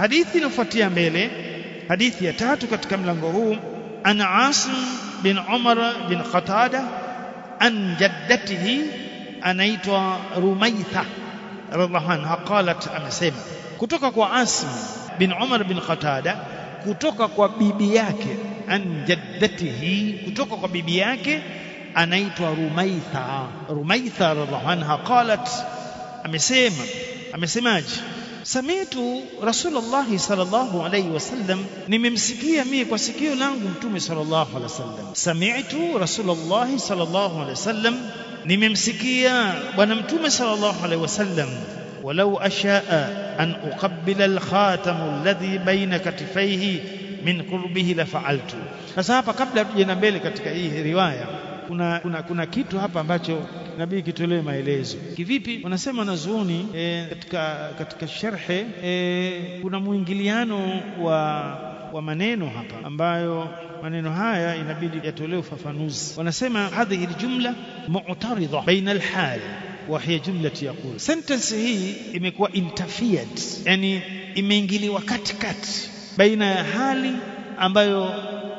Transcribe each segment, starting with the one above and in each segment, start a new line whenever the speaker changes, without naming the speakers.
Hadithi iliyofuatia mbele, hadithi ya tatu katika mlango huu, an Asim bin Umar bin Qatada an jaddatihi, anaitwa Rumaitha radhiallahu anha, qalat, amesema kutoka kwa Asim bin Umar bin Qatada, kutoka kwa bibi yake, an jaddatihi, kutoka kwa bibi yake anaitwa Rumaitha. Rumaitha radhiallahu anha qalat, amesema. Amesemaje? samitu Rasulullah sallallahu alaihi wasallam, nimemsikia mimi kwa sikio langu Mtume sallallahu alaihi wasallam. Samitu Rasulullah sallallahu alaihi wasallam, nimemsikia Bwana Mtume sallallahu alaihi wasallam. Walau ashaa an uqabbila alkhatamu alladhi baina katifaihi min qurbihi lafaaltu Sasa hapa, kabla tuje na mbele katika hii riwaya, kuna, kuna, kuna kitu hapa ambacho nabii kitolee maelezo kivipi. Wanasema wanazuoni e, katika, katika sharhe e, kuna mwingiliano wa wa maneno hapa ambayo maneno haya inabidi yatolewe ufafanuzi. Wanasema hadhihi ljumla mu'tarida baina alhali wa hiya jumlati yaqul. Sentence hii imekuwa interfered, yani imeingiliwa katikati baina ya hali ambayo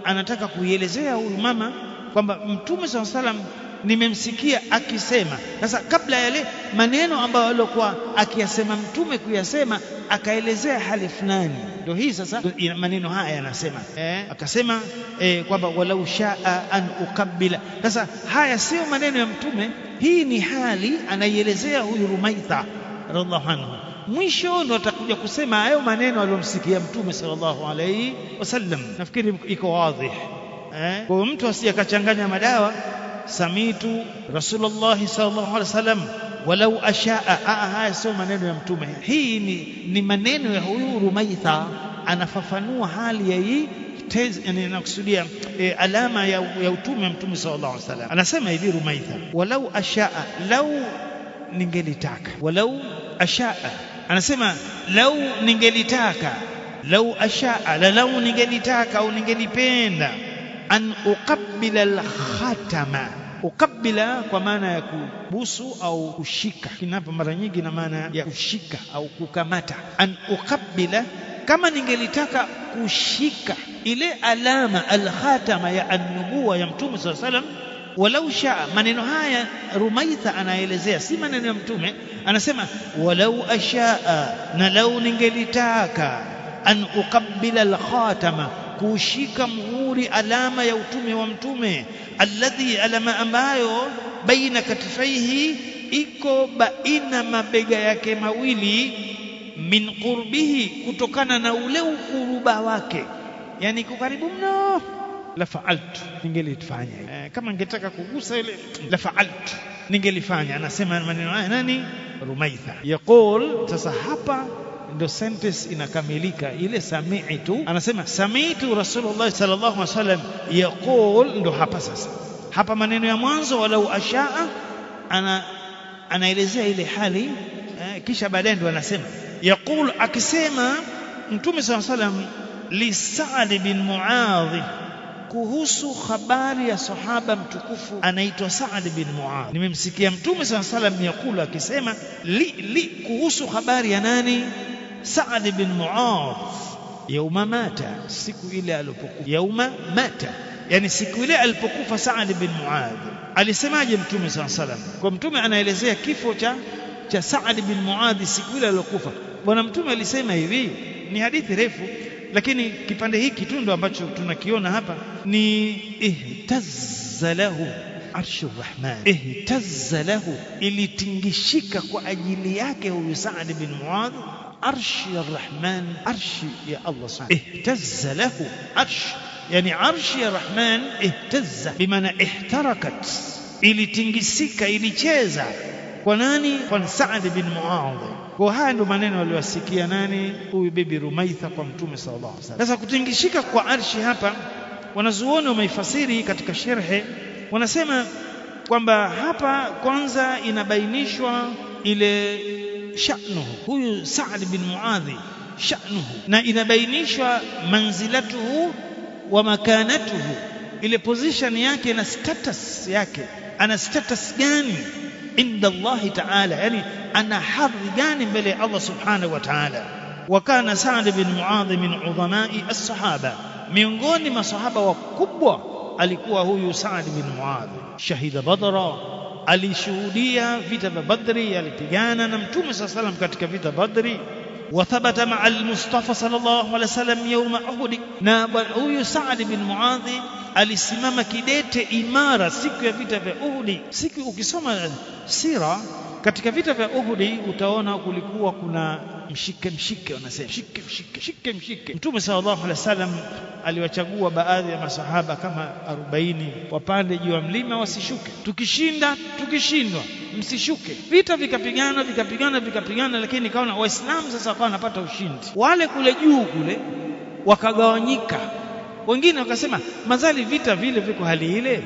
anataka kuielezea huyu mama kwamba Mtume sallallahu alayhi wasallam nimemsikia akisema. Sasa kabla yale maneno ambayo alikuwa akiyasema mtume kuyasema, akaelezea hali fulani, ndio hii sasa maneno haya yanasema eh, akasema eh, kwamba walau shaa an ukabila. Sasa haya siyo maneno ya mtume, hii ni hali anaielezea huyu Rumaitha radhiallahu anhu. Mwisho ndo atakuja kusema hayo maneno aliyomsikia mtume sallallahu alaihi wasallam. Nafikiri iko wazi eh, kwa mtu asije akachanganya madawa samitu Rasulullah sallallahu alaihi wasallam walau ashaa. Ah, ah, ah, haya sio maneno ya Mtume, hii ni, ni maneno ya huyu Rumaitha, anafafanua hali ya hii nakusudia e, alama ya, ya utume wa Mtume sallallahu alaihi wasallam. Anasema hivi Rumaitha, walau ashaa, lau ningelitaka, walau ashaa, anasema lau ningelitaka, lau ashaa, lau ningelitaka au ningelipenda an uqabbila alkhatama ukabila kwa maana ya kubusu au kushika. Kinapo mara nyingi na maana ya kushika au kukamata. An ukabila, kama ningelitaka kushika ile alama alkhatama ya annubuwa ya Mtume saa salam, walau shaa. Maneno haya Rumaitha anaelezea, si maneno ya Mtume. Anasema walau ashaa, na lau ningelitaka an ukabila alkhatama kuushika muhuri, alama ya utume wa Mtume, alladhi, alama ambayo baina katifaihi, iko baina mabega yake mawili, min qurbihi, kutokana na ule ukuruba wake, yani iko karibu mno. La faaltu, ningelifanya e, kama ningetaka kugusa ile, mm. la faaltu, ningelifanya. Anasema maneno haya nani? Rumaitha yaqul. Sasa hapa ndio sentence inakamilika ile samiitu. Anasema samiitu Rasulullah sallallahu alaihi wasallam yaqul, ndo hapa sasa. Hapa maneno ya mwanzo walau ashaa ana anaelezea ile hali eh, kisha baadaye ndo anasema yaqul, akisema Mtume sallallahu alaihi wasallam li Saad bin Muadh kuhusu habari ya sahaba mtukufu anaitwa Saad bin Muadh. Nimemsikia Mtume sala salam yakula akisema li, li kuhusu habari ya nani? Saad bin Muadh yauma mata, siku ile alipokufa. Yauma mata, yani siku ile alipokufa Saad bin Muadh. Alisemaje Mtume saa salam? Kwa Mtume anaelezea kifo cha, cha Saad bin Muadh siku ile aliyokufa. Bwana Mtume alisema hivi, ni hadithi refu, lakini kipande hiki tu ndo ambacho tunakiona hapa, ni ihtazza lahu arshu rrahman, ihtazza lahu, ilitingishika kwa ajili yake huyu Saad bin Muadh arshi ya Rahman, arshi ya Allah sana ihtazza lahu arsh, yani arshi ya Rahman ihtazza bimaana ihtarakat, ilitingisika ilicheza kwa nani? Kwa Saad bin Muadh. Kwa haya ndio maneno waliyosikia nani? Huyu bibi Rumaitha kwa Mtume sallallahu alaihi wasallam. Sasa kutingishika kwa arshi hapa, wanazuoni wameifasiri katika sherhe, wanasema kwamba hapa kwanza inabainishwa ile شأنه هو سعد بن معاذ شأنه نا إنا بينيشا منزلته ومكانته إلي position يكي نا status يكي أنا status جاني عند الله تعالى يعني أنا حظ جاني بلي الله سبحانه وتعالى وكان سعد بن معاذ من عظماء الصحابة من غني ما صحابة وكبوة ألي هو سعد بن معاذ شهد بدرا alishuhudia vita vya Badri, alipigana na Mtume saa salam katika vita Badri. Wa thabata maa al-Mustafa sallallahu alaihi wasallam yauma uhudi na huyu Saadi bin Muadhi alisimama kidete imara siku ya vita vya Uhudi. Siku ukisoma sira katika vita vya Uhudi utaona kulikuwa kuna mshike mshike, wanasema mshike mshike mshike mshike. Mtume sallallahu alaihi wasallam aliwachagua baadhi ya masahaba kama 40 wapande juu ya mlima wasishuke, tukishinda tukishindwa msishuke. Vita vikapigana vikapigana vikapigana, lakini kaona Waislamu sasa wakawa wanapata ushindi. Wale kule juu kule wakagawanyika, wengine wakasema mazali vita vile viko hali ile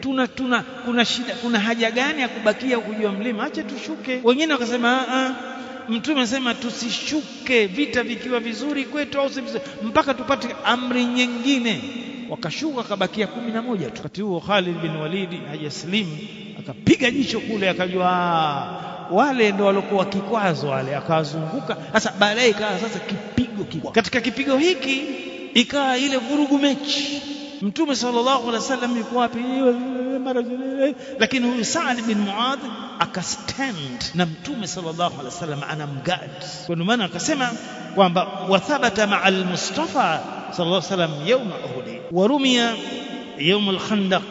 tuna tuna kuna shida, kuna haja gani ya kubakia huku juu ya mlima? Acha tushuke. Wengine wakasema a ah, a ah, Mtume sema tusishuke vita vikiwa vizuri kwetu au si vizuri, mpaka tupate amri nyingine. Wakashuka akabakia kumi na moja. Wakati huo Khalid bin Walid hajaslim akapiga jicho kule, akajua ah, wale ndo waliokuwa kikwazo wale, akawazunguka sasa. Baadaye ikawa sasa kipigo kikubwa. Katika kipigo hiki ikawa ile vurugu mechi mtume sallallahu alaihi wasallam yuko wapi lakini huyu Saad bin Muadh akastand na mtume sallallahu alaihi wasallam anamgadi kwa maana akasema kwamba wathabata ma'a al-Mustafa sallallahu alaihi wasallam yawm Uhud warumiya yawm al-Khandaq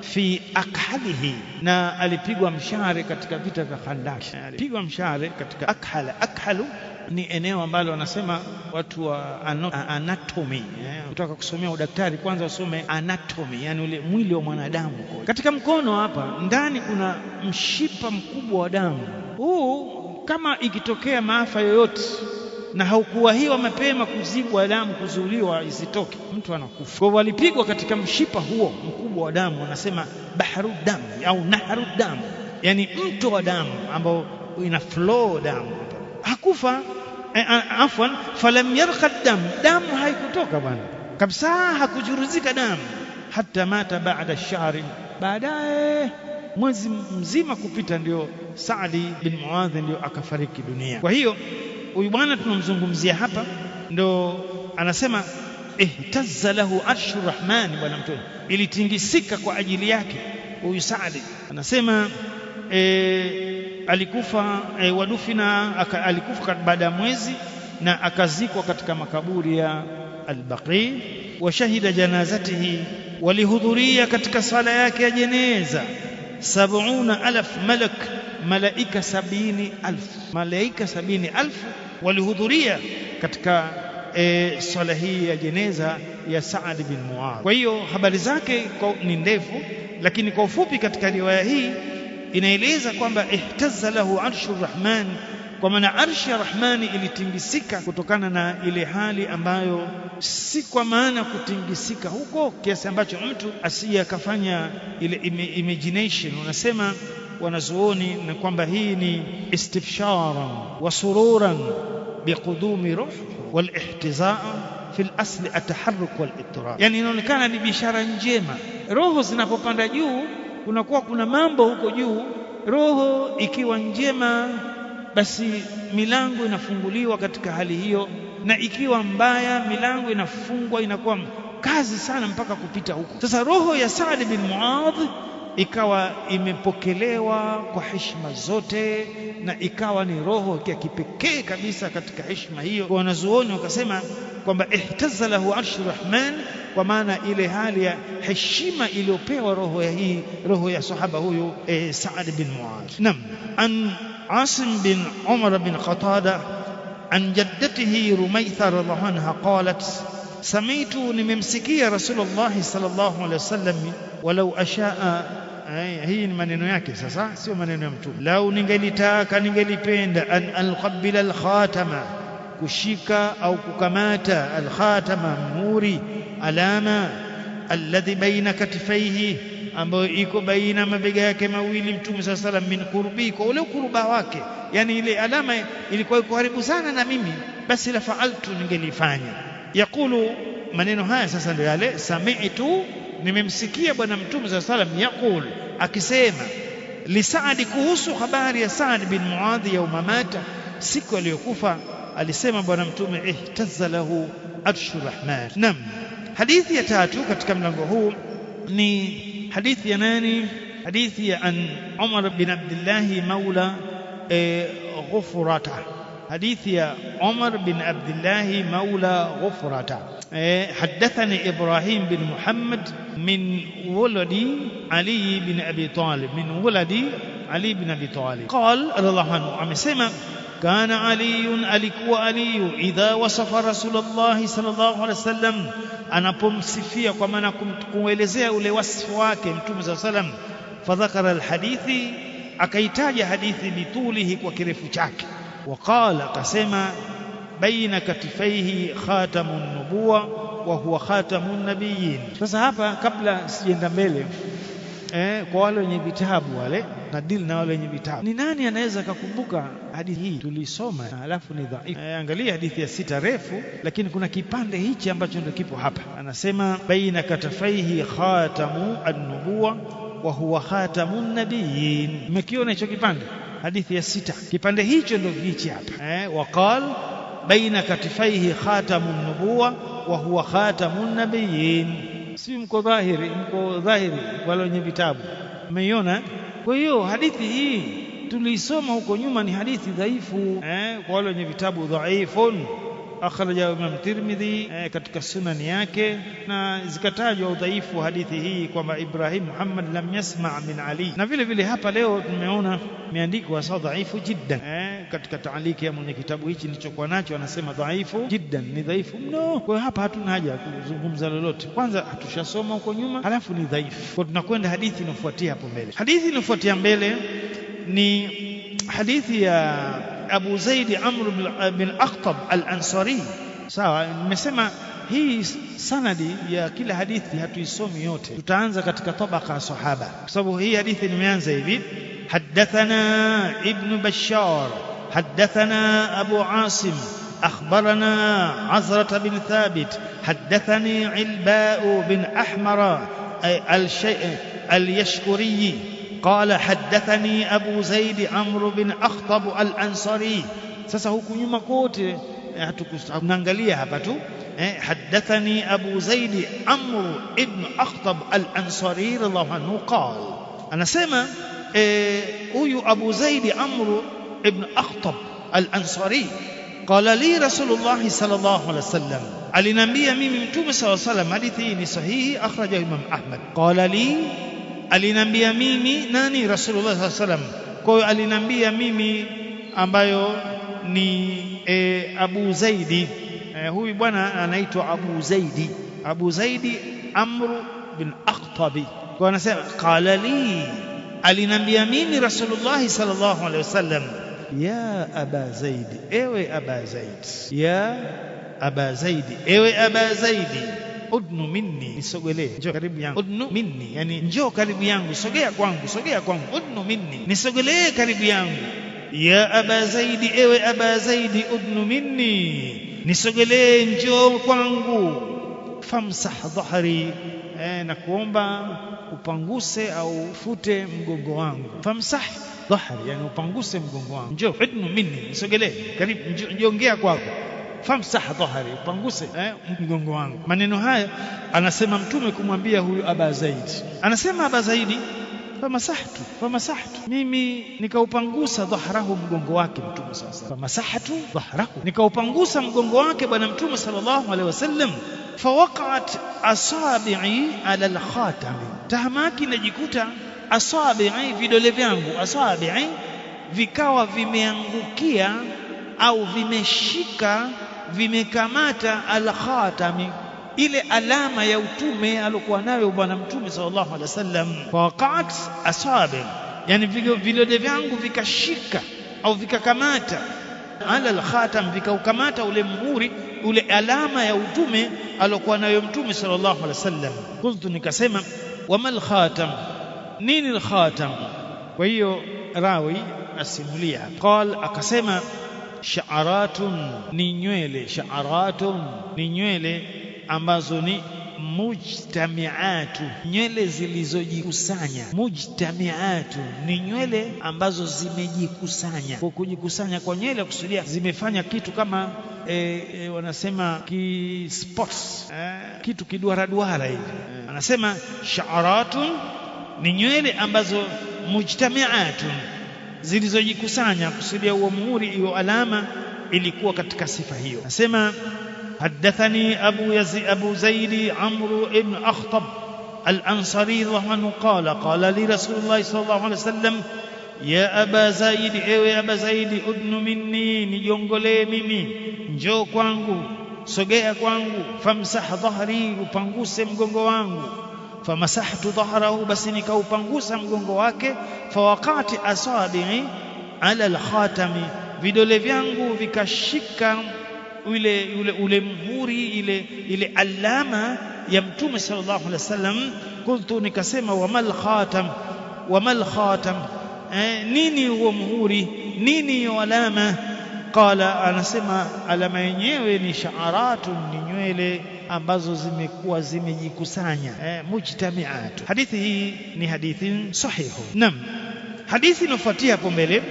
fi akhalihi na alipigwa mshare katika vita vya Khandaq alipigwa mshare katika akhala akhalu ni eneo ambalo wanasema watu wa anatomy eh, kutoka kusomea udaktari kwanza usome anatomy, yani ule mwili wa mwanadamu. Katika mkono hapa ndani kuna mshipa mkubwa wa damu. Huu kama ikitokea maafa yoyote na haukuwahiwa mapema kuzibwa damu kuzuliwa isitoke, mtu anakufa. Kwa walipigwa katika mshipa huo mkubwa wa damu, wanasema baharu damu au naharu damu, yani mto wa damu ambao ina flow damu hakufa eh, eh, afwan falam yarqa dam damu haikutoka bwana kabisa hakuchuruzika damu hata mata baada shahri baadaye mwezi mzima kupita ndio Saadi bin Muadh ndio akafariki dunia kwa hiyo huyu bwana tunamzungumzia hapa ndo anasema ihtazza eh, lahu arshu rahmani bwana mtume ilitingisika kwa ajili yake huyu Saadi anasema eh alikufa e, wadufina aka, alikufa baada ya mwezi na akazikwa katika makaburi ya al-Baqi Wa shahida janazatihi, walihudhuria katika sala yake ya jeneza. Sabuna alf malak, malaika sabini alfu, malaika sabini walihudhuria katika e, sala hii ya jeneza ya Saad bin Muadh. Kwa hiyo habari zake ni ndefu, lakini kwa ufupi katika riwaya hii inaeleza kwamba ihtaza lahu arshu rahmani kwa maana arshi ya Rahmani ilitingisika kutokana na ile hali ambayo si kwa maana kutingisika huko kiasi ambacho mtu asiye akafanya ile imagination. Unasema wanazuoni na kwamba hii ni istifshara wa sururan biqudumi ruh walihtizaa fi lasli ataharuk wal yani inaonekana ni bishara njema, roho zinapopanda juu kunakuwa kuna mambo huko juu. Roho ikiwa njema, basi milango inafunguliwa katika hali hiyo, na ikiwa mbaya, milango inafungwa, inakuwa kazi sana mpaka kupita huko. Sasa roho ya Saad bin Muadh ikawa imepokelewa kwa heshima zote na ikawa ni roho ya kipekee kabisa katika heshima hiyo. Wanazuoni wakasema kwamba lahu arshu rahman, kwa maana ile hali ya heshima iliyopewa roho ya hii roho ya sahaba huyu e, Saad bin Muadh. Naam, an Asim bin Umar bin Qatada an jaddatihi Rumaitha radhiallahu anha qalat samitu, nimemsikia Rasulullah sallallahu alaihi wasallam walau ashaa Eh, hii ni maneno yake sasa, sio maneno ya Mtume. Lau ningelitaka ningelipenda, an alqabila alkhatama, kushika au kukamata, alkhatama muhuri, alama alladhi baina katifaihi, ambayo iko baina mabega yake mawili Mtume saa salam, min qurbi, kwa ule ukuruba wake, yani ile alama ilikuwa iko karibu sana na mimi, basi la faaltu, ningelifanya. Yaqulu, maneno haya sasa ndio yale sami'tu nimemsikia Bwana Mtume saa salam yaqul, akisema lisaadi, kuhusu habari ya Saad bin Muadhi ya mata, siku aliyokufa. Alisema Bwana Mtume ihtaza lahu arshu rahman. Naam, hadithi ya tatu katika mlango huu ni hadithi ya nani? Hadithi ya an Umar bin Abdillahi maula e, eh, Ghufrata حديث يا عمر بن عبد الله مولى غفرة إيه، حدثني إبراهيم بن محمد من ولدي علي بن أبي طالب من ولدي علي بن أبي طالب قال رضي الله عنه أمسيما كان علي عليك وعلي إذا وصف رسول الله صلى الله عليه وسلم أنا بم سفيا كما نكم تقوليزي أولي وصفواك متوم صلى الله عليه وسلم فذكر الحديث أكيتاج حديث لطوله وكرفو شاكي وقال akasema baina katifaihi خاتم nubuwa وهو خاتم النبيين nabiyyin. Sasa hapa, kabla مبلي mbele eh, kwa wale wenye vitabu wale na dil na wale wenye vitabu, ni nani anaweza akakumbuka hadithi hii tulisoma, ah, alafu ni dhaifu eh? Angalia hadithi ya sita refu, lakini kuna kipande hichi ambacho ndio kipo hapa. Anasema baina katafaihi khatamu an-nubuwa wa huwa khatamun nabiyyin. mkiona hicho kipande? hadithi ya sita, kipande hicho ndio hichi hapa eh, waqal baina katifaihi khatamun nubuwa wa huwa khatamun nabiyyin. Si mko dhahiri, mko dhahiri wale wenye vitabu, umeiona. Kwa hiyo hadithi hii tuliisoma huko nyuma, ni hadithi dhaifu eh, kwa wale wenye vitabu dhaifun akhraja Imam Tirmidhi e, katika sunani yake, na zikatajwa udhaifu wa hadithi hii kwamba Ibrahim Muhammad lam yasma' min Ali, na vile vile hapa leo tumeona miandiko hasa dhaifu jiddan e, katika taaliki ya mwenye kitabu hichi nilichokuwa nacho anasema dhaifu jiddan, ni dhaifu mno. Kwa hiyo hapa hatuna haja ya kuzungumza lolote, kwanza hatushasoma huko nyuma, halafu ni dhaifu. Kwa tunakwenda hadithi inayofuatia hapo mbele. Hadithi inayofuatia mbele ni hadithi ya Abu Zaid Amr bin Aqtab al-Ansari sawa nimesema hii sanadi ya kila hadithi hatuisomi yote tutaanza katika tabaka ya sahaba kwa sababu hii hadithi nimeanza hivi حدثنا ابن بشار حدثنا أبو عاصم أخبرنا عزرة بن ثابت حدثني علباء بن أحمر الشيء اليشكري قال حدثني أبو زيد عمرو بن أخطب الأنصري سسهوك يمكوت نانغالية هبتو حدثني أبو زيد عمرو بن أخطب الأنصري الله عنه قال أنا سيما أوي eh, أبو زيد عمرو بن أخطب الأنصري قال لي رسول الله صلى الله عليه وسلم علي نبي ميم صلى الله عليه وسلم حديثي صحيح أخرجه الإمام أحمد قال لي alinambia mimi nani Rasulullah sallallahu alaihi wasallam. Kwa hiyo alinambia mimi ambayo ni e, Abu Zaidi e, huyu bwana anaitwa Abu Zaidi, Abu Zaidi Amru bin Akhtabi. Kwa anasema qala li, alinambia mimi Rasulullah sallallahu alaihi wasallam, ya Aba Zaidi, ewe Aba Zaidi, ya Aba Zaidi, ewe Aba Zaidi udnu minni, nisogelee, njoo karibu yangu. Udnu minni, yani njoo karibu yangu, sogea kwangu, sogea kwangu. Udnu minni, nisogelee karibu yangu. Ya aba Zaidi, ewe aba Zaidi, udnu minni, nisogelee, njoo kwangu. Famsah dhahri, eh, na kuomba upanguse au ufute mgongo wangu. Famsah dhahri, yani upanguse mgongo wangu. Njoo udnu minni, nisogelee karibu, njongea kwako famsah dhahri, upanguse eh, mgongo wangu. Maneno haya anasema Mtume kumwambia huyu Aba Zaidi, anasema Aba Zaidi famasahtu famasahtu, mimi nikaupangusa dhahrahu, mgongo wake Mtume sallallahu alaihi wasallam. Famasahtu dhahrahu, nikaupangusa mgongo wake Bwana Mtume sallallahu alaihi wasallam. Fawaqat asabi'i ala alkhatami, tahamaki najikuta asabi'i, vidole vyangu asabi'i vikawa vimeangukia au vimeshika vimekamata alkhatami ile alama ya utume alokuwa nayo bwana mtume sallallahu alaihi wasallam kwa waqat asabe, yani vidole vyangu vikashika au vikakamata ala alkhatam vikaukamata ule muhuri ule alama ya utume alokuwa nayo mtume sallallahu alaihi wasallam kultu nikasema wama alkhatam nini alkhatam kwa hiyo rawi asimulia qal akasema sha'aratun ni nywele, sha'aratun ni nywele ambazo ni mujtamiatu, nywele zilizojikusanya. Mujtamiatu ni nywele ambazo zimejikusanya. Kwa kujikusanya kwa nywele kusudia zimefanya kitu kama e, e, wanasema ki sports eh, kitu duara hivi eh. Anasema sha'aratun ni nywele ambazo mujtamiatun zilizojikusanya kusudia huo muhuri hiyo alama ilikuwa katika sifa hiyo nasema حدثني أبو, يزي أبو زيد عمرو بن أخطب الأنصري الله قال قال لي رسول الله صلى الله عليه وسلم يا أبا زيد أيوة يا أبا زيد أدن مني نيونغو ميمي جو كوانغو سوغيا كوانغو فامسح ظهري وفانغو سيمغونغو وانغو famasahtu dhahrahu basi nikaupangusa mgongo wake fawaqati asabi'i ala alkhatami vidole vyangu vikashika ule ule ule mhuri ile ile alama ya mtume sallallahu alaihi wasallam kuntu nikasema wamal khatam wamal khatam eh, nini huo mhuri nini hiyo alama qala anasema alama yenyewe ni sha'aratun ni nywele ambazo zimekuwa zimejikusanya eh, mujtamiatu. Hadithi hii ni hadithi sahihu. Naam, hadithi inofuatia hapo mbele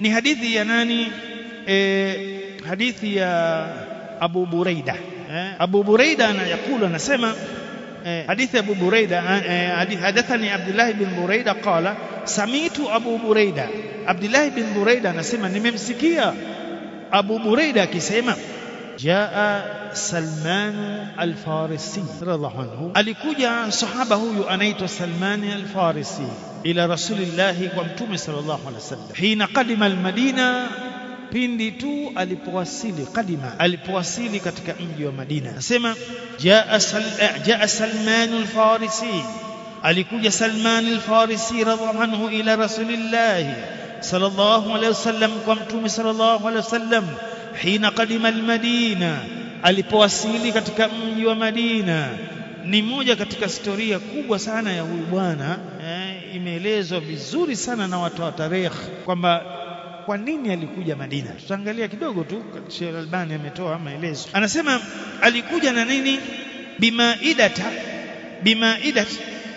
ni hadithi ya nani? E, hadithi ya Abu Buraida eh, Abu Buraida anayakulu anasema eh, hadithi ya Abu Buraida eh, hadathani Abdullah bin Buraida qala samitu Abu Buraida. Abdullah bin Buraida anasema nimemsikia Abu Buraida akisema jaa سلمان الفارسي رضي الله عنه alikuja sahaba huyu anaitwa Salmani al-Farisi ila rasulillahi kwa mtume sallallahu alaihi wasallam hina qadima al-Madina pindi tu alipowasili kadima alipowasili katika mji wa Madina anasema jaa sal, jaa Salman al-Farisi alikuja Salman al-Farisi radhiallahu anhu ila rasulillah sallallahu alayhi wasallam kwa mtume sallallahu alayhi wasallam hina kadima al-Madina alipowasili katika mji wa Madina. Ni moja katika historia kubwa sana ya huyu bwana eh, imeelezwa vizuri sana na watu wa tarehe kwamba kwa nini alikuja Madina. Tutaangalia kidogo tu, Sheikh Albani ametoa maelezo, anasema alikuja na nini? Bimaidata, bimaidat,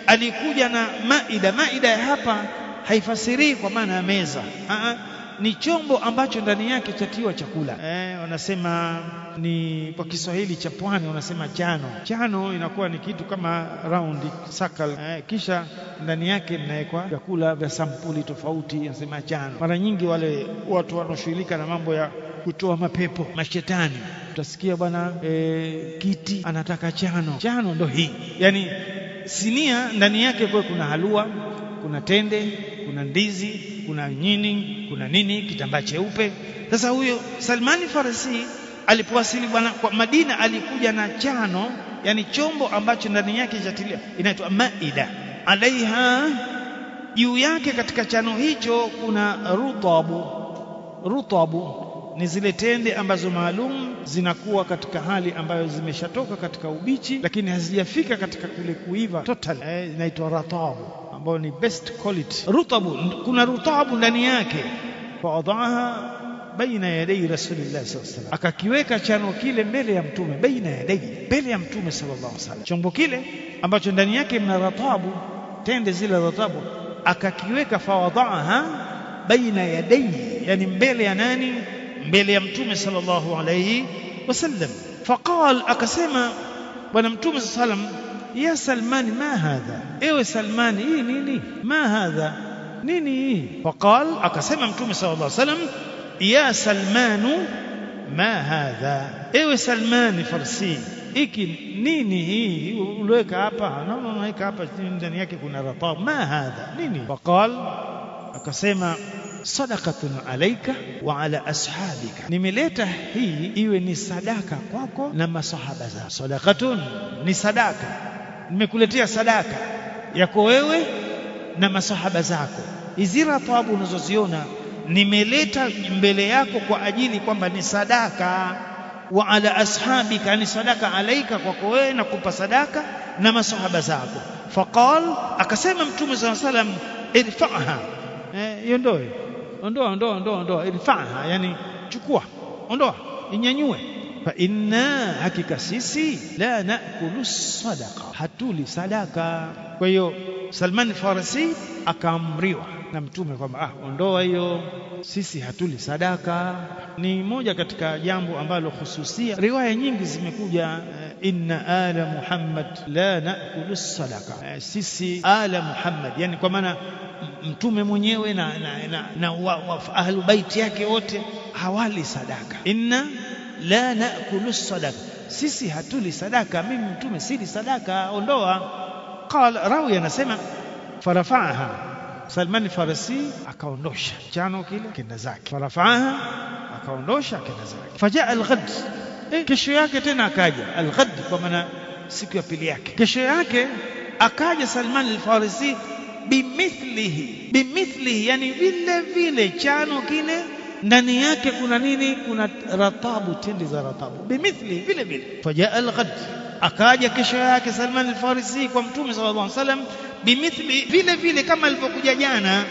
alikuja na maida. Maida ya hapa haifasirii kwa maana ya meza, ah, ah ni chombo ambacho ndani yake chatiwa chakula eh, wanasema ni kwa Kiswahili cha pwani wanasema chano. Chano inakuwa ni kitu kama round circle eh, kisha ndani yake mnawekwa vyakula vya sampuli tofauti, wanasema chano. Mara nyingi wale watu wanaoshughulika na mambo ya kutoa mapepo mashetani, utasikia bwana eh, kiti anataka chano. Chano ndo hii, yani sinia ndani yake kwa kuna halua, kuna tende, kuna ndizi kuna nyini, kuna nini, kitambaa cheupe. Sasa huyo Salmani Farisi alipowasili bwana kwa Madina, alikuja na chano, yani chombo ambacho ndani yake chatilia inaitwa maida alaiha, juu yake katika chano hicho kuna rutabu. Rutabu ni zile tende ambazo maalum zinakuwa katika hali ambayo zimeshatoka katika ubichi, lakini hazijafika katika kule kuiva total, eh, inaitwa eh, ratabu ambayo ni best quality rutabu, kuna rutabu ndani yake. fawadaha baina yadai rasulillahi sallallahu alaihi wasallam, akakiweka chano kile mbele ya Mtume, baina yadai, mbele ya Mtume sallallahu alaihi wasallam, chombo kile ambacho ndani yake mna ratabu, tende zile ratabu, akakiweka fawadaaha baina yadai, yani mbele ya nani? Mbele ya Mtume sallallahu alaihi wasallam. Faqal, akasema Bwana Mtume sallallahu alaihi wasallam يا سلمان ما هذا ايوه سلمان ايه نيني ما هذا نيني فقال اقسم امتومي صلى الله عليه وسلم يا سلمان ما هذا ايوه سلمان فرسي ايكي نيني ولوك عبا نعم نعم عبا جنيكي كنا رطاب ما هذا نيني فقال اقسم صدقة عليك وعلى أصحابك نميليتا هي إيوه نصدقة كوكو نما صحابة صدقة نصدقة nimekuletea sadaka yako wewe na masahaba zako. Hizi ratabu unazoziona nimeleta mbele yako kwa ajili kwamba ni sadaka wa ala ashabika, ni sadaka alaika kwako wewe, kupa sadaka na masahaba zako. Faqal, akasema Mtume saa salam, irfaha, eh, iondoe, ondoa, ondoa, ondoa, ondoa, irfaha, yani chukua, ondoa, inyanyue fa inna, hakika sisi la nakulu sadaqa, hatuli sadaka. Kwa hiyo Salman Farisi akaamriwa na Mtume kwamba ah, ondoa hiyo, sisi hatuli sadaka. Ni moja katika jambo ambalo hususia, riwaya nyingi zimekuja eh, inna ala Muhammad la nakulu sadaqa, eh, sisi ala Muhammad, yani kwa maana mtume mwenyewe na, na, na, na wa, wa ahlu baiti yake wote hawali sadaka. inna la naakulu sadaka, sisi hatuli sadaka, mimi mtume sili sadaka, ondoa. Qala rawi anasema farafaaha Salman Farisi akaondosha chano kile kenda zake, farafaaha akaondosha kenda zake. Fajaa alghad eh, kesho yake tena akaja alghad, kwa maana siku ya pili yake, kesho yake akaja Salman Alfarisi bimithlihi, bimithlihi yani vile vile chano kile ndani yake kuna nini? Kuna ratabu, tende za ratabu. Bimithli vile vile, fajaa alghad, akaja kesho yake Salman Alfarisi kwa Mtume sallallahu alaihi wasallam, bimithli vile vile kama alivyokuja jana.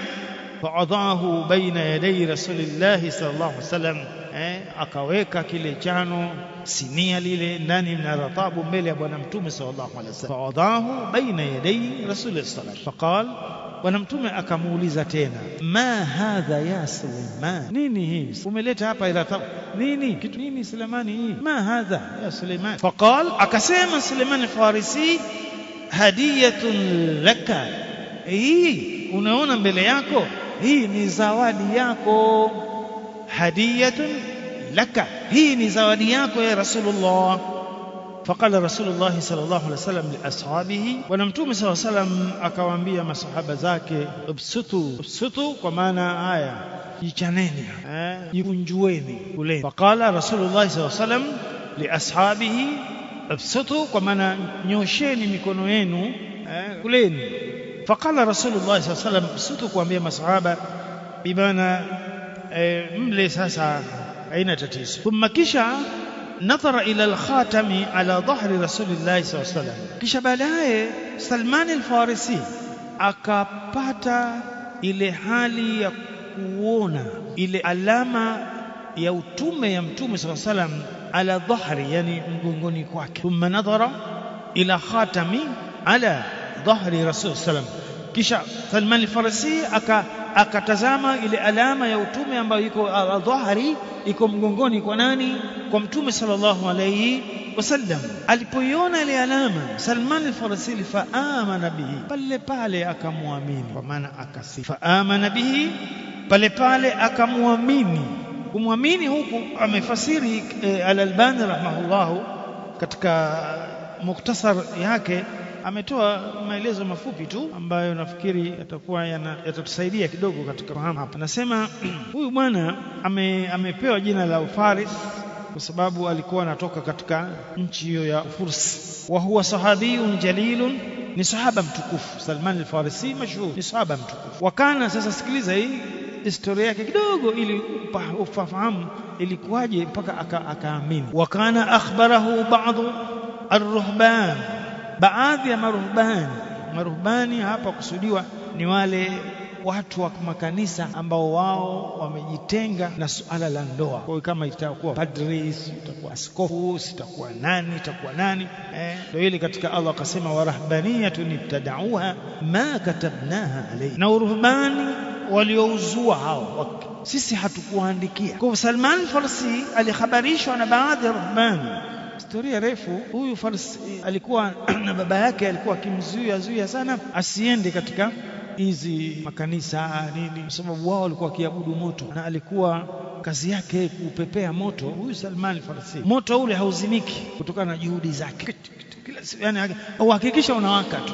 Faadhahu baina yadai rasulillahi sallallahu alaihi wasallam, eh, akaweka kile chano sinia lile ndani na ratabu mbele ya Bwana Mtume sallallahu alaihi wasallam. Faadhahu baina yadai rasulillahi sallallahu alaihi wasallam faqala Bwana Mtume akamuuliza tena, ma hadha ya Suleiman, nini hii umeleta hapa? Ila nini kitu nini Suleimani hii? Ma hadha ya Suleiman. Faqal, akasema Suleiman Farisi, hadiyatun laka, hii unaona mbele yako, hii ni zawadi yako. Hadiyatun laka, hii ni zawadi yako ya Rasulullah faqala rasulullahi sallallahu alaihi wasallam liashabihi, bwana mtume sallallahu alaihi wasallam akawaambia masahaba zake, ibsutu ibsutu, kwa maana haya jichaneni, eh, jikunjueni kule. Faqala rasulullahi sallallahu alaihi wasallam liashabihi ibsutu, kwa maana nyosheni mikono yenu eh, kuleni. Faqala rasulullahi sallallahu alaihi wasallam ibsutu, kuambia masahaba bimaana eh, mle sasa, haina tatizo. Thumma kisha نظر إلى الخاتم على ظهر رسول الله صلى الله عليه وسلم كشبا لهاي سلمان الفارسي أكا باتا إلى حالي يكونا إلى علامة يوتوم يمتوم صلى الله عليه وسلم على ظهر يعني مقنقوني كواك ثم نظر إلى خاتم على ظهر رسول الله صلى الله عليه وسلم كشبا سلمان الفارسي أكا akatazama ile alama ya utume ambayo iko ah, adhahari iko mgongoni kwa nani kwa mtume sallallahu alayhi wasallam alipoiona ile alama Salman al-Farisi faamana bihi pale pale akamwamini kwa maana akasi faamana bihi pale pale akamwamini kumwamini huku amefasiri e, al-Albani rahimahullahu katika muktasar yake ametoa maelezo mafupi tu ambayo nafikiri yatakuwa yatatusaidia yata kidogo katika fahamu hapa. Anasema huyu bwana ame, amepewa jina la Ufaris kwa sababu alikuwa anatoka katika nchi hiyo ya Ufursi. Wa huwa sahabiyun jalilun, ni sahaba mtukufu. Salman al-Farisi mashhur, ni sahaba mtukufu. Wakana sasa, sikiliza hii historia yake kidogo, ili ufahamu ilikuwaje mpaka akaamini. Aka wakana akhbarahu badu ar-ruhban baadhi ya maruhbani. Maruhbani hapa kusudiwa ni wale watu wa makanisa ambao wao wamejitenga na suala la ndoa. Kwa hiyo kama itakuwa padri, itakuwa askofu, sitakuwa nani, itakuwa nani, eh? ndio eh, ile katika Allah akasema, warahbaniyatun ibtadauha ma katabnaha alayhi, na uruhbani waliouzua hao sisi hatukuwaandikia. Kwa Salman Farsi alikhabarishwa na baadhi ya ruhbani historia refu. Huyu farsi eh, alikuwa na baba yake alikuwa akimzuia zuia sana asiende katika hizi makanisa ah, nini, kwa sababu wao walikuwa wakiabudu moto, na alikuwa kazi yake kuupepea moto. Huyu Salman Farsi, moto ule hauzimiki kutokana na juhudi zake, kila yani uhakikisha unawaka tu,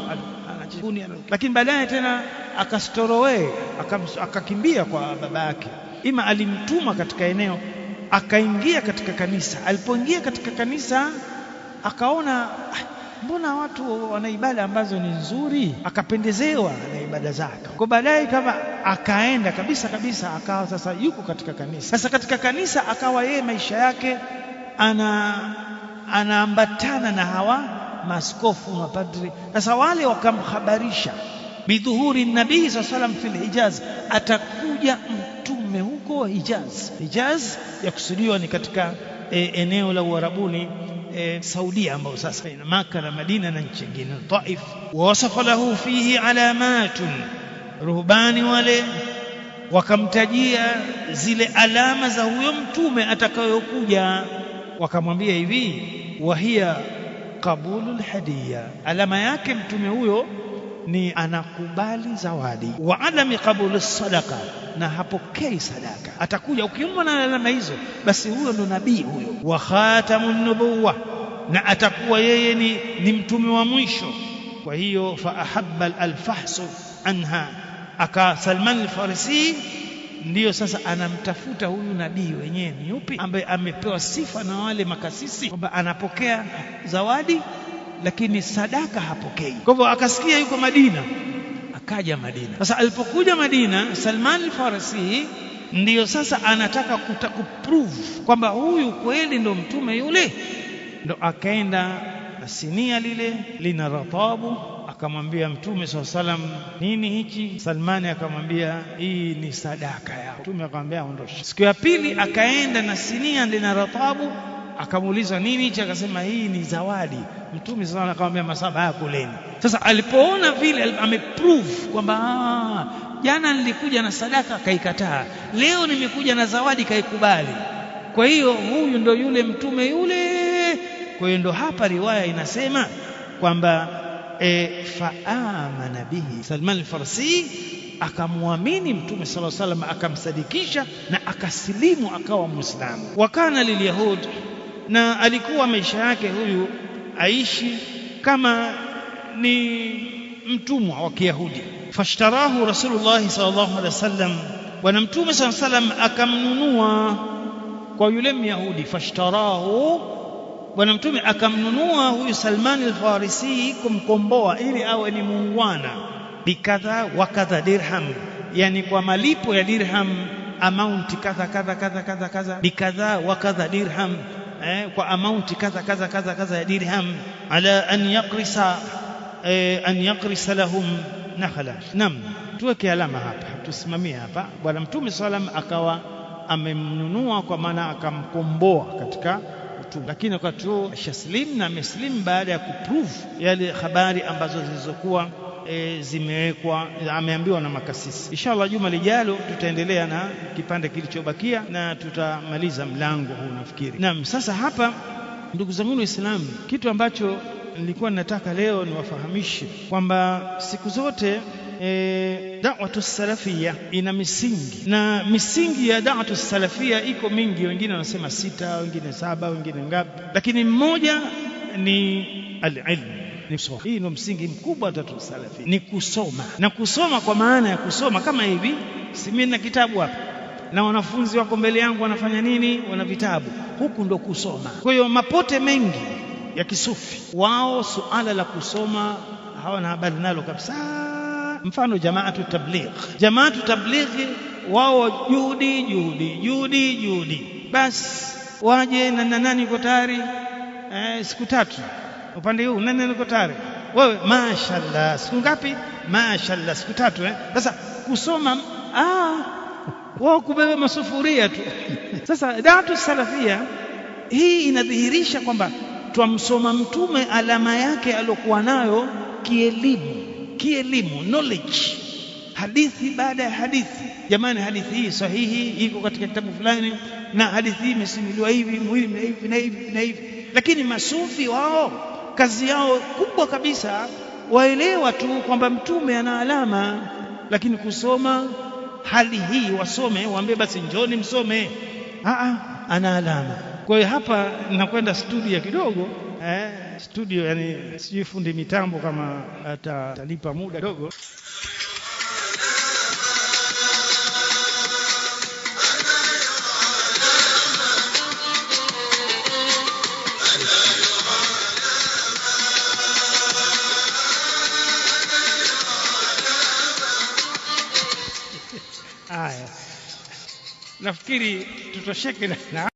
lakini baadaye tena akastorowee, akakimbia kwa baba yake, ima alimtuma katika eneo akaingia katika kanisa. Alipoingia katika kanisa akaona ah, mbona watu wana ibada ambazo ni nzuri, akapendezewa na ibada zake. Kwa baadaye kama akaenda kabisa kabisa, akawa sasa yuko katika kanisa. Sasa katika kanisa akawa yeye maisha yake ana anaambatana na hawa maaskofu mapadri. Sasa wale wakamhabarisha bidhuhuri nabii sallallahu alaihi wasallam fil Hijaz, atakuja mkoa Hijaz. Hijaz yakusudiwa ni katika e, eneo la Uarabuni e, Saudia ambayo sasa ina Maka na Madina na nchi nyingine Taif. Wawasafa lahu fihi alamatun, ruhbani wale wakamtajia zile alama za huyo mtume atakayokuja, wakamwambia hivi, wa hiya qabulul hadiya, alama yake mtume huyo ni anakubali zawadi, wa adami qabuli sadaqa, na hapokei sadaka. Atakuja ukimwa na alama hizo, basi huyo ndo nabii huyo, wa khatamu nubuwa, na atakuwa yeye ni, ni mtume wa mwisho. Kwa hiyo fa ahabba alfahsu anha aka Salman Alfarisi ndiyo sasa anamtafuta huyu nabii wenyewe ni yupi, ambaye amepewa sifa na wale makasisi kwamba anapokea zawadi lakini sadaka hapokei. Kwa hivyo akasikia yuko Madina, akaja Madina. Sasa alipokuja Madina, Salman al-Farisi ndiyo sasa anataka kuprove kwamba huyu kweli ndo mtume yule, ndo akaenda sinia lile lina ratabu akamwambia Mtume saa salam, nini hichi? Salmani akamwambia hii ni sadaka yao. Mtume akamwambia ondosha. Siku ya pili akaenda na sinia lina ratabu akamuuliza nini hichi? Akasema hii ni zawadi. Mtume sasa akamwambia masaba haya kuleni. Sasa alipoona vile ameprove kwamba ah, jana nilikuja na sadaka kaikataa, leo nimekuja na zawadi kaikubali. Kwa hiyo huyu ndo yule mtume yule. Kwa hiyo ndo hapa riwaya inasema kwamba e, faamana bihi Salman al-Farsi akamwamini mtume sallallahu alaihi wasallam, akamsadikisha na akasilimu, akawa Muislamu. wakana lilyahud na alikuwa maisha yake huyu aishi kama ni mtumwa wa Kiyahudi. Fashtarahu Rasulullah sallallahu alaihi wasallam, bwana mtume sallallahu alaihi wasallam akamnunua kwa yule Myahudi. Fashtarahu, bwana mtume akamnunua huyu Salman al-Farisi kumkomboa, ili awe ni muungwana. Bikadha wa kadha dirham, yani kwa malipo ya dirham, amount kadha kadha kadha kadha kadha, bikadha wa kadha dirham eh, kwa amaunti kaza kaza kaza kaza ya dirham ala an yaqrisa eh, an yaqrisa lahum nakhla. Naam, tuweke alama hapa, tusimamie hapa. Bwana Mtume salam akawa amemnunua kwa maana akamkomboa katika utumwa, lakini wakati huo shaslim na ameslim baada ya kuprove yale habari ambazo zilizokuwa e, zimewekwa, ameambiwa na makasisi. Inshallah juma lijalo tutaendelea na kipande kilichobakia na tutamaliza mlango huu nafikiri. Naam, sasa hapa ndugu zangu Waislamu, kitu ambacho nilikuwa ninataka leo niwafahamishe kwamba siku zote e, da'watu salafia ina misingi na misingi ya da'watu salafia iko mingi. Wengine wanasema sita, wengine saba, wengine ngapi, lakini mmoja ni alilmu ni kusoma. Hii ndio msingi mkubwa wa tatu salafi, ni kusoma na kusoma kwa maana ya kusoma kama hivi, si mimi na kitabu hapa na wanafunzi wako mbele yangu wanafanya nini? Wana vitabu huku, ndo kusoma. Kwa hiyo mapote mengi ya kisufi wao suala la kusoma hawana habari nalo kabisa. Mfano jamaatu tabligh, jamaatu tablighi wao juhudi juhudi juhudi juhudi, basi waje na nani yuko tayari eh, siku tatu upande huu unene niko tayari wewe, mashallah. Siku ngapi? Mashallah, siku tatu. Eh, sasa kusoma ah, wao kubeba masufuria tu. Sasa da'watu salafia hii inadhihirisha kwamba twamsoma Mtume alama yake aliyokuwa nayo kielimu, kielimu knowledge, hadithi baada ya hadithi. Jamani, hadithi hii sahihi, iko katika kitabu fulani, na hadithi hii imesimuliwa hivi muhimu na hivi na hivi na hivi. Lakini masufi wao kazi yao kubwa kabisa waelewa tu kwamba mtume ana alama, lakini kusoma hali hii wasome, waambie basi njoni msome. ana alama. Kwa hiyo hapa nakwenda studio kidogo eh, studio yani, sijui fundi mitambo kama atalipa muda kidogo. nafikiri tutosheke na